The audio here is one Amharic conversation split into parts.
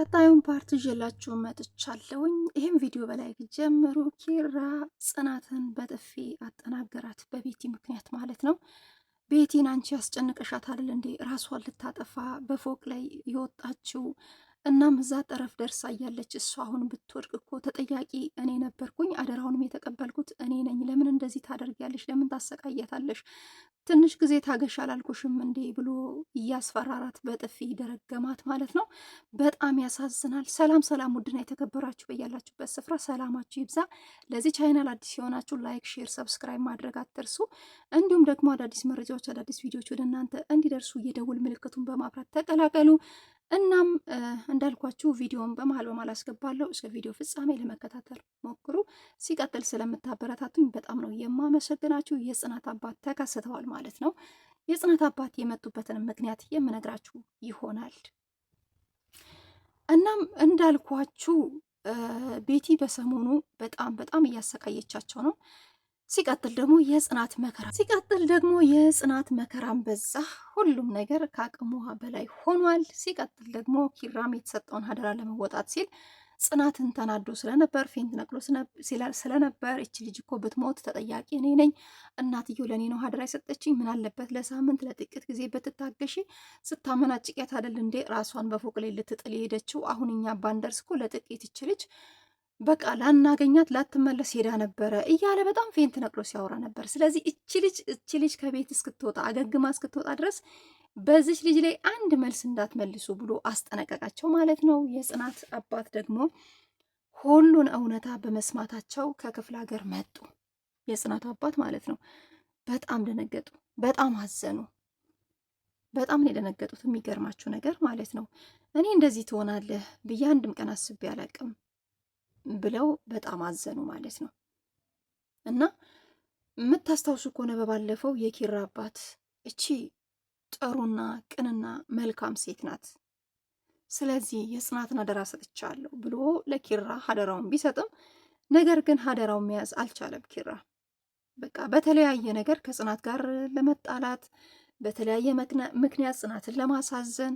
ቀጣዩን ፓርት ይዤላችሁ መጥቻለሁኝ። ይህም ቪዲዮ በላይ ጀምሩ። ኪራ ጽናትን በጥፊ አጠናገራት፣ በቤቲ ምክንያት ማለት ነው። ቤቲን አንቺ ያስጨንቀሻታል እንዴ? ራሷን ልታጠፋ በፎቅ ላይ የወጣችው እናም እዛ ጠረፍ ደርሳ እያለች እሱ አሁን ብትወድቅ እኮ ተጠያቂ እኔ ነበርኩኝ፣ አደራውንም የተቀበልኩት እኔ ነኝ። ለምን እንደዚህ ታደርጊያለሽ? ለምን ታሰቃያታለሽ? ትንሽ ጊዜ ታገሽ አላልኩሽም እንዴ? ብሎ እያስፈራራት በጥፊ ደረገማት ማለት ነው። በጣም ያሳዝናል። ሰላም ሰላም፣ ውድና የተከበራችሁ በያላችሁበት ስፍራ ሰላማችሁ ይብዛ። ለዚህ ቻይናል አዲስ የሆናችሁ ላይክ፣ ሼር፣ ሰብስክራይብ ማድረግ አትርሱ። እንዲሁም ደግሞ አዳዲስ መረጃዎች፣ አዳዲስ ቪዲዮዎች ወደ እናንተ እንዲደርሱ የደውል ምልክቱን በማብራት ተቀላቀሉ። እናም እንዳልኳችሁ ቪዲዮን በመሀል በመሀል አስገባለሁ። እስከ ቪዲዮ ፍጻሜ ለመከታተል ሞክሩ። ሲቀጥል ስለምታበረታቱኝ በጣም ነው የማመሰግናችሁ። የጽናት አባት ተከስተዋል ማለት ነው። የጽናት አባት የመጡበትን ምክንያት የምነግራችሁ ይሆናል። እናም እንዳልኳችሁ ቤቲ በሰሞኑ በጣም በጣም እያሰቃየቻቸው ነው። ሲቀጥል ደግሞ የጽናት መከራ ሲቀጥል ደግሞ የጽናት መከራን በዛ ሁሉም ነገር ከአቅሟ በላይ ሆኗል። ሲቀጥል ደግሞ ኪራም የተሰጠውን አደራ ለመወጣት ሲል ጽናትን ተናዶ ስለነበር ፌንት ነቅሎ ስለነበር እች ልጅ እኮ ብትሞት ተጠያቂ እኔ ነኝ፣ እናትየው ለእኔ ነው አደራ የሰጠችኝ። ምን አለበት ለሳምንት ለጥቂት ጊዜ ብትታገሺ፣ ስታመናጭቂያት አደል እንዴ ራሷን በፎቅ ላይ ልትጥል የሄደችው? አሁን እኛ ባንደርስ እኮ ለጥቂት እች ልጅ በቃ ላናገኛት ላትመለስ ሄዳ ነበረ እያለ በጣም ፌንት ነቅሎ ሲያወራ ነበር። ስለዚህ እቺ ልጅ እቺ ልጅ ከቤት እስክትወጣ አገግማ እስክትወጣ ድረስ በዚች ልጅ ላይ አንድ መልስ እንዳትመልሱ ብሎ አስጠነቀቃቸው ማለት ነው። የጽናት አባት ደግሞ ሁሉን እውነታ በመስማታቸው ከክፍለ ሀገር መጡ። የጽናት አባት ማለት ነው። በጣም ደነገጡ፣ በጣም አዘኑ። በጣም ነው የደነገጡት። የሚገርማችሁ ነገር ማለት ነው እኔ እንደዚህ ትሆናለህ ብዬ አንድም ቀን አስቤ አላቅም ብለው በጣም አዘኑ ማለት ነው። እና የምታስታውሱ ከሆነ በባለፈው የኪራ አባት እቺ ጥሩና ቅንና መልካም ሴት ናት፣ ስለዚህ የጽናትን አደራ ሰጥቻለሁ ብሎ ለኪራ ሀደራውን ቢሰጥም ነገር ግን ሀደራው መያዝ አልቻለም ኪራ በቃ በተለያየ ነገር ከጽናት ጋር ለመጣላት በተለያየ ምክንያት ጽናትን ለማሳዘን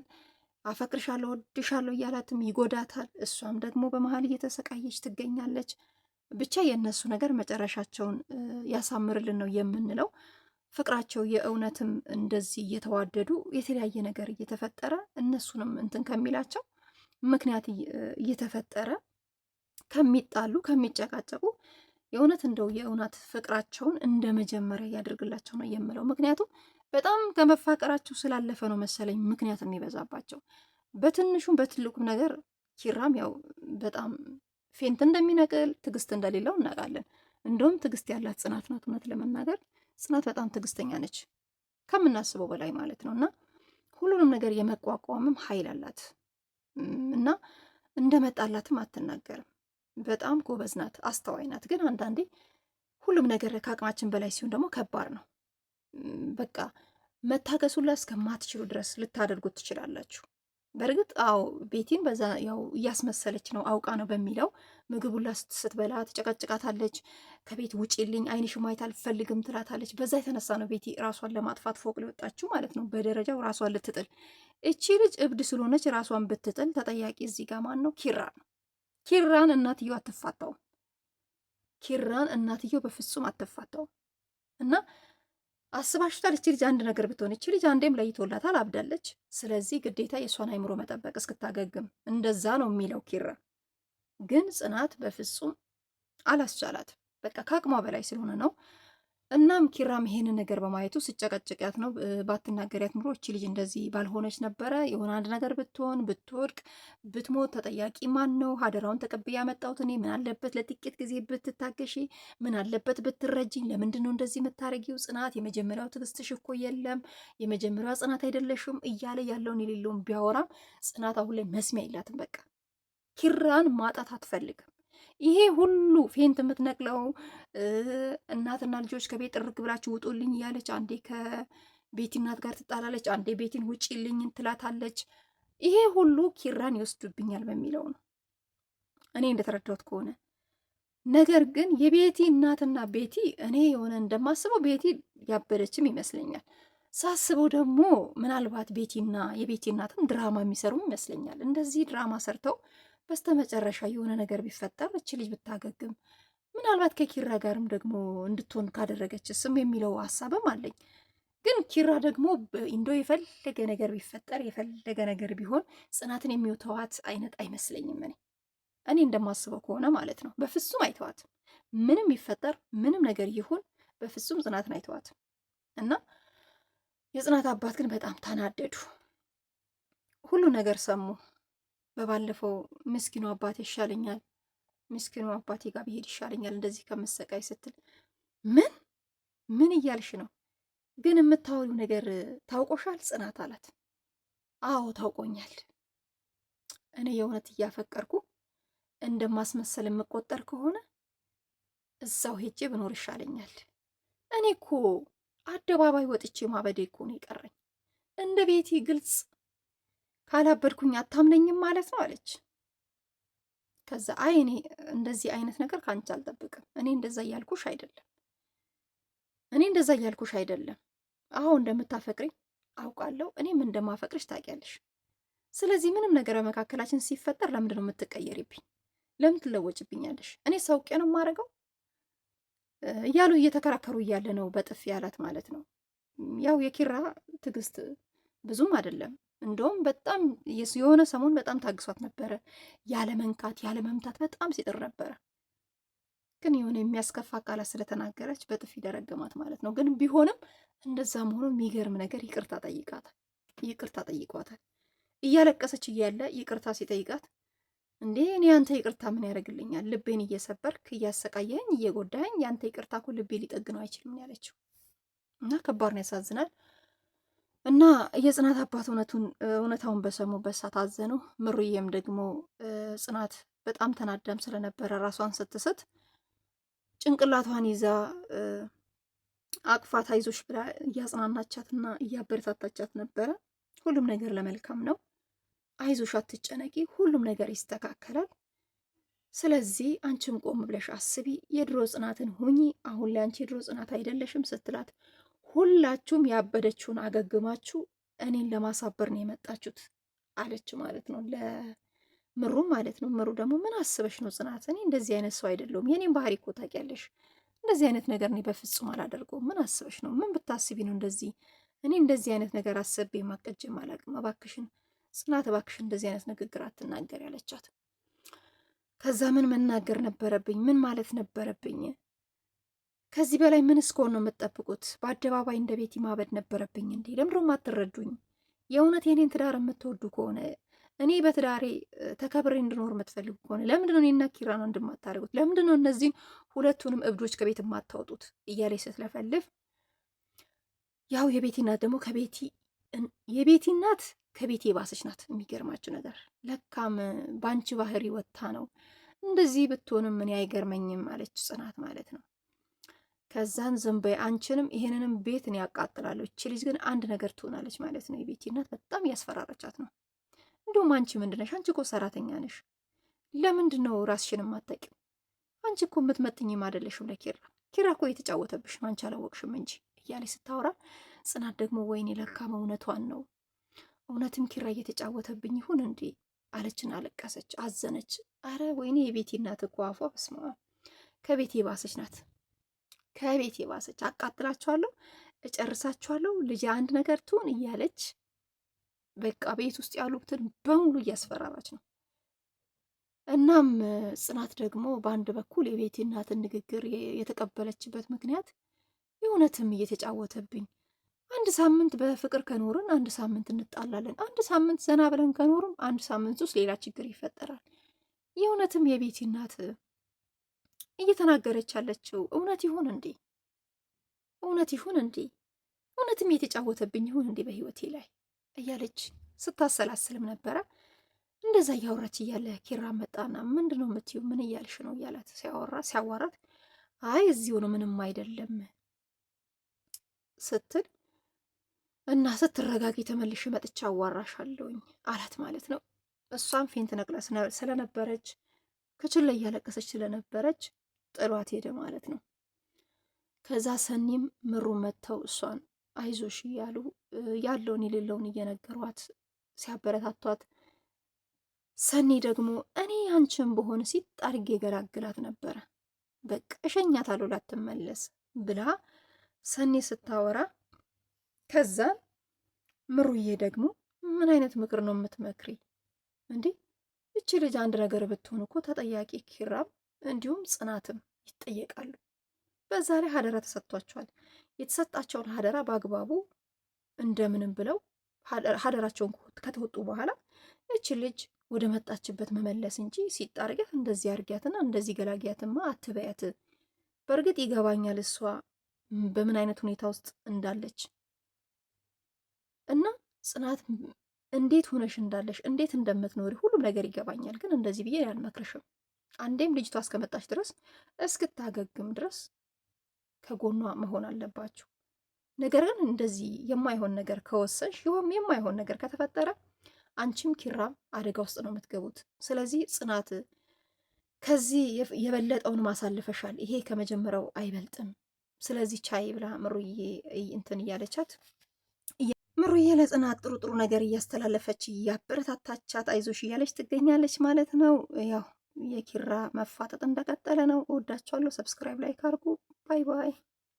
አፈቅርሻለሁ፣ ወድሻለሁ እያላትም ይጎዳታል። እሷም ደግሞ በመሀል እየተሰቃየች ትገኛለች። ብቻ የእነሱ ነገር መጨረሻቸውን ያሳምርልን ነው የምንለው። ፍቅራቸው የእውነትም እንደዚህ እየተዋደዱ የተለያየ ነገር እየተፈጠረ እነሱንም እንትን ከሚላቸው ምክንያት እየተፈጠረ ከሚጣሉ ከሚጨቃጨቁ የእውነት እንደው የእውነት ፍቅራቸውን እንደ መጀመሪያ እያደርግላቸው ነው የምለው ምክንያቱም በጣም ከመፋቀራቸው ስላለፈ ነው መሰለኝ ምክንያት የሚበዛባቸው። በትንሹም በትልቁም ነገር ኪራም ያው በጣም ፌንት እንደሚነቅል ትዕግስት እንደሌለው እናውቃለን። እንደውም ትዕግስት ያላት ጽናት ናት። እውነት ለመናገር ጽናት በጣም ትዕግስተኛ ነች ከምናስበው በላይ ማለት ነው። እና ሁሉንም ነገር የመቋቋምም ኃይል አላት እና እንደመጣላትም አትናገርም። በጣም ጎበዝ ናት፣ አስተዋይ ናት። ግን አንዳንዴ ሁሉም ነገር ከአቅማችን በላይ ሲሆን ደግሞ ከባድ ነው። በቃ መታገሱ ሁላ እስከማትችሉ ድረስ ልታደርጉት ትችላላችሁ። በእርግጥ አዎ ቤቲን በዛ ያው እያስመሰለች ነው አውቃ ነው በሚለው ምግብ ሁላ ስትበላ ትጨቀጭቃታለች። ከቤት ውጪልኝ፣ አይንሽ ማየት አልፈልግም ትላታለች። በዛ የተነሳ ነው ቤቲ ራሷን ለማጥፋት ፎቅ ልወጣችሁ ማለት ነው። በደረጃው ራሷን ልትጥል እቺ ልጅ እብድ ስለሆነች ራሷን ብትጥል ተጠያቂ እዚህ ጋር ማን ነው? ኪራን። ኪራን እናትየው አትፋታውም። ኪራን እናትየው በፍጹም አትፋታውም እና አስባሽታል። እቺ ልጅ አንድ ነገር ብትሆን እቺ ልጅ አንዴም ለይቶላታል፣ አብዳለች። ስለዚህ ግዴታ የእሷን አይምሮ መጠበቅ እስክታገግም፣ እንደዛ ነው የሚለው ኪራ። ግን ጽናት በፍጹም አላስቻላት። በቃ ከአቅሟ በላይ ስለሆነ ነው እናም ኪራም ይሄንን ነገር በማየቱ ስጨቀጭቅያት ነው። ባትናገሪያት ኑሮ እቺ ልጅ እንደዚህ ባልሆነች ነበረ። የሆነ አንድ ነገር ብትሆን ብትወድቅ፣ ብትሞት ተጠያቂ ማን ነው? ሀደራውን ተቀብዬ ያመጣሁት እኔ። ምን አለበት ለጥቂት ጊዜ ብትታገሺ? ምን አለበት ብትረጅኝ? ለምንድን ነው እንደዚህ የምታረጊው? ጽናት የመጀመሪያው ትዕግስትሽ እኮ የለም፣ የመጀመሪያዋ ጽናት አይደለሽም እያለ ያለውን የሌለውን ቢያወራም ጽናት አሁን ላይ መስሚያ የላትም። በቃ ኪራን ማጣት አትፈልግም። ይሄ ሁሉ ፌንት የምትነቅለው እናትና ልጆች ከቤት ጥርግ ብላችሁ ውጡልኝ እያለች አንዴ ከቤቲ እናት ጋር ትጣላለች፣ አንዴ ቤቲን ውጪልኝ ትላታለች። ይሄ ሁሉ ኪራን ይወስዱብኛል በሚለው ነው እኔ እንደተረዳሁት ከሆነ ነገር ግን የቤቲ እናትና ቤቲ እኔ የሆነ እንደማስበው ቤቲ ያበደችም ይመስለኛል። ሳስበው ደግሞ ምናልባት ቤቲና የቤቲ እናትም ድራማ የሚሰሩም ይመስለኛል። እንደዚህ ድራማ ሰርተው በስተመጨረሻ የሆነ ነገር ቢፈጠር እች ልጅ ብታገግም ምናልባት ከኪራ ጋርም ደግሞ እንድትሆን ካደረገች ስም የሚለው ሀሳብም አለኝ። ግን ኪራ ደግሞ እንዶ የፈለገ ነገር ቢፈጠር የፈለገ ነገር ቢሆን ጽናትን የሚውተዋት አይነት አይመስለኝም። እኔ እኔ እንደማስበው ከሆነ ማለት ነው። በፍጹም አይተዋትም። ምንም ይፈጠር ምንም ነገር ይሁን በፍጹም ጽናትን አይተዋትም። እና የጽናት አባት ግን በጣም ተናደዱ። ሁሉ ነገር ሰሙ። በባለፈው ምስኪኑ አባቴ ይሻለኛል፣ ምስኪኑ አባቴ ጋር ብሄድ ይሻለኛል እንደዚህ ከመሰቃይ ስትል፣ ምን ምን እያልሽ ነው? ግን የምታወሪው ነገር ታውቆሻል ጽናት አላት። አዎ ታውቆኛል። እኔ የእውነት እያፈቀርኩ እንደማስመሰል የምቆጠር ከሆነ እዛው ሄጄ ብኖር ይሻለኛል። እኔ እኮ አደባባይ ወጥቼ ማበዴ እኮ ነው የቀረኝ። እንደ ቤቴ ግልጽ ካላበድኩኝ አታምነኝም ማለት ነው አለች። ከዛ አይ እኔ እንደዚህ አይነት ነገር ከአንቺ አልጠብቅም። እኔ እንደዛ እያልኩሽ አይደለም፣ እኔ እንደዛ እያልኩሽ አይደለም። አሁ እንደምታፈቅሪኝ አውቃለሁ፣ እኔም እንደማፈቅርሽ ታውቂያለሽ። ስለዚህ ምንም ነገር በመካከላችን ሲፈጠር ለምንድን ነው የምትቀየሪብኝ? ለምን ትለወጭብኛለሽ? እኔ ሳውቄ ነው የማደርገው እያሉ እየተከራከሩ እያለ ነው በጥፊ ያላት ማለት ነው። ያው የኪራ ትዕግስት ብዙም አይደለም እንደውም በጣም የሆነ ሰሞን በጣም ታግሷት ነበረ። ያለ መንካት ያለ መምታት በጣም ሲጥር ነበረ። ግን የሆነ የሚያስከፋ ቃላት ስለተናገረች በጥፊ ደረገማት ማለት ነው። ግን ቢሆንም እንደዛም ሆኖ የሚገርም ነገር ይቅርታ ጠይቃታል። ይቅርታ ጠይቋታል። እያለቀሰች እያለ ይቅርታ ሲጠይቃት እንዴ እኔ አንተ ይቅርታ ምን ያደርግልኛል? ልቤን እየሰበርክ እያሰቃየኝ እየጎዳኝ፣ ያንተ ይቅርታ እኮ ልቤ ሊጠግነው አይችልም ያለችው እና ከባድ ነው። ያሳዝናል። እና የጽናት አባት እውነቱን እውነታውን በሰሙበት ሰዓት አዘኑ። ምሩዬም ደግሞ ጽናት በጣም ተናዳም ስለነበረ ራሷን ስትስት ጭንቅላቷን ይዛ አቅፋት አይዞሽ ብላ እያጽናናቻትና እያበረታታቻት ነበረ። ሁሉም ነገር ለመልካም ነው፣ አይዞሽ፣ አትጨነቂ፣ ሁሉም ነገር ይስተካከላል። ስለዚህ አንቺም ቆም ብለሽ አስቢ፣ የድሮ ጽናትን ሁኚ፣ አሁን ላይ አንቺ የድሮ ጽናት አይደለሽም ስትላት ሁላችሁም ያበደችውን አገግማችሁ እኔን ለማሳበር ነው የመጣችሁት አለች ማለት ነው ለምሩ ማለት ነው። ምሩ ደግሞ ምን አስበሽ ነው ጽናት? እኔ እንደዚህ አይነት ሰው አይደለሁም። የኔም ባህሪ እኮ ታውቂያለሽ። እንደዚህ አይነት ነገር እኔ በፍጹም አላደርገውም። ምን አስበሽ ነው? ምን ብታስቢ ነው እንደዚህ? እኔ እንደዚህ አይነት ነገር አሰቤ ማቀጀም አላቅም። እባክሽን ጽናት፣ እባክሽን እንደዚህ አይነት ንግግር አትናገር ያለቻት። ከዛ ምን መናገር ነበረብኝ? ምን ማለት ነበረብኝ? ከዚህ በላይ ምን እስከሆን ነው የምትጠብቁት? በአደባባይ እንደ ቤቲ ማበድ ነበረብኝ እንዴ? ለምድሮም አትረዱኝ። የእውነት የኔን ትዳር የምትወዱ ከሆነ እኔ በትዳሬ ተከብሬ እንድኖር የምትፈልጉ ከሆነ ለምንድነው እኔና ኪራን እንድማታደርጉት? ለምንድነው እነዚህን ሁለቱንም እብዶች ከቤት የማታወጡት? እያለች ስትለፈልፍ ያው የቤቲ እናት ደግሞ ከቤቲ የቤቲ እናት ከቤቲ የባሰች ናት። የሚገርማችሁ ነገር ለካም በአንቺ ባህሪ ወታ ነው እንደዚህ ብትሆንም እኔ አይገርመኝም አለች ጽናት ማለት ነው። ከዛን ዝም በይ አንቺንም ይሄንንም ቤትን ያቃጥላሉ። እቺ ልጅ ግን አንድ ነገር ትሆናለች ማለት ነው። የቤቲ እናት በጣም እያስፈራረቻት ነው። እንዲሁም አንቺ ምንድነሽ? አንቺ እኮ ሰራተኛ ነሽ። ለምንድን ነው ራስሽን ማታውቂው? አንቺ እኮ የምትመጥኝም አይደለሽም ለኪራ። ኪራ እኮ የተጫወተብሽ ነው፣ አንቺ አላወቅሽም እንጂ እያለች ስታወራ፣ ጽናት ደግሞ ወይኔ ለካ እውነቷን ነው፣ እውነትም ኪራ እየተጫወተብኝ ይሁን እንዴ አለችን፣ አለቀሰች፣ አዘነች። አረ ወይኔ የቤቲ እናት እኮ አፏ ከቤቲ የባሰች ናት። ከቤት የባሰች አቃጥላችኋለሁ፣ እጨርሳችኋለሁ፣ ልጅ አንድ ነገር ትሁን እያለች በቃ ቤት ውስጥ ያሉትን በሙሉ እያስፈራራች ነው። እናም ጽናት ደግሞ በአንድ በኩል የቤቲ እናትን ንግግር የተቀበለችበት ምክንያት የእውነትም እየተጫወተብኝ አንድ ሳምንት በፍቅር ከኖርን አንድ ሳምንት እንጣላለን፣ አንድ ሳምንት ዘና ብለን ከኖርም አንድ ሳምንት ውስጥ ሌላ ችግር ይፈጠራል። የእውነትም የቤቲ እናት እየተናገረች ያለችው እውነት ይሁን እንዴ? እውነት ይሁን እንዴ? እውነትም የተጫወተብኝ ይሁን እንዴ በህይወቴ ላይ እያለች ስታሰላስልም ነበረ። እንደዛ እያወራች እያለ ኪራ መጣና ምንድን ነው የምትይው? ምን እያልሽ ነው? እያላት ሲያወራ ሲያዋራት አይ እዚሁ ነው ምንም አይደለም ስትል እና ስትረጋጊ ተመልሼ መጥቼ አዋራሻለሁኝ አላት ማለት ነው። እሷም ፌንት ነቅላ ስለነበረች ክችል ላይ እያለቀሰች ስለነበረች ጥሏት ሄደ ማለት ነው። ከዛ ሰኒም ምሩ መጥተው እሷን አይዞሽ እያሉ ያለውን የሌለውን እየነገሯት ሲያበረታቷት፣ ሰኒ ደግሞ እኔ አንቺን በሆን ሲት የገላግላት ነበረ በቃ እሸኛታለሁ ላትመለስ ብላ ሰኒ ስታወራ፣ ከዛ ምሩዬ ደግሞ ምን አይነት ምክር ነው የምትመክሪ እንዴ? እቺ ልጅ አንድ ነገር ብትሆን እኮ ተጠያቂ ኪራም እንዲሁም ጽናትም ይጠየቃሉ። በዛ ላይ ሀደራ ተሰጥቷቸዋል። የተሰጣቸውን ሀደራ በአግባቡ እንደምንም ብለው ሀደራቸውን ከተወጡ በኋላ እች ልጅ ወደ መጣችበት መመለስ እንጂ ሲጣርጊያት እንደዚህ አርጊያትና እንደዚህ ገላጊያትማ አትበያት። በእርግጥ ይገባኛል እሷ በምን አይነት ሁኔታ ውስጥ እንዳለች እና ጽናት እንዴት ሆነሽ እንዳለሽ እንዴት እንደምትኖሪ ሁሉም ነገር ይገባኛል፣ ግን እንደዚህ ብዬ አልመክርሽም አንዴም ልጅቷ እስከመጣች ድረስ እስክታገግም ድረስ ከጎኗ መሆን አለባችሁ። ነገር ግን እንደዚህ የማይሆን ነገር ከወሰንሽ ይሁም የማይሆን ነገር ከተፈጠረ አንቺም ኪራም አደጋ ውስጥ ነው የምትገቡት። ስለዚህ ጽናት ከዚህ የበለጠውን ማሳልፈሻል። ይሄ ከመጀመሪያው አይበልጥም። ስለዚህ ቻይ ብላ ምሩዬ እንትን እያለቻት ምሩዬ ለጽናት ጥሩ ጥሩ ነገር እያስተላለፈች እያበረታታቻት አይዞሽ እያለች ትገኛለች ማለት ነው ያው የኪራ መፋጠጥ እንደቀጠለ ነው። እወዳቸዋለሁ። ሰብስክራይብ፣ ላይክ አድርጉ። ባይ ባይ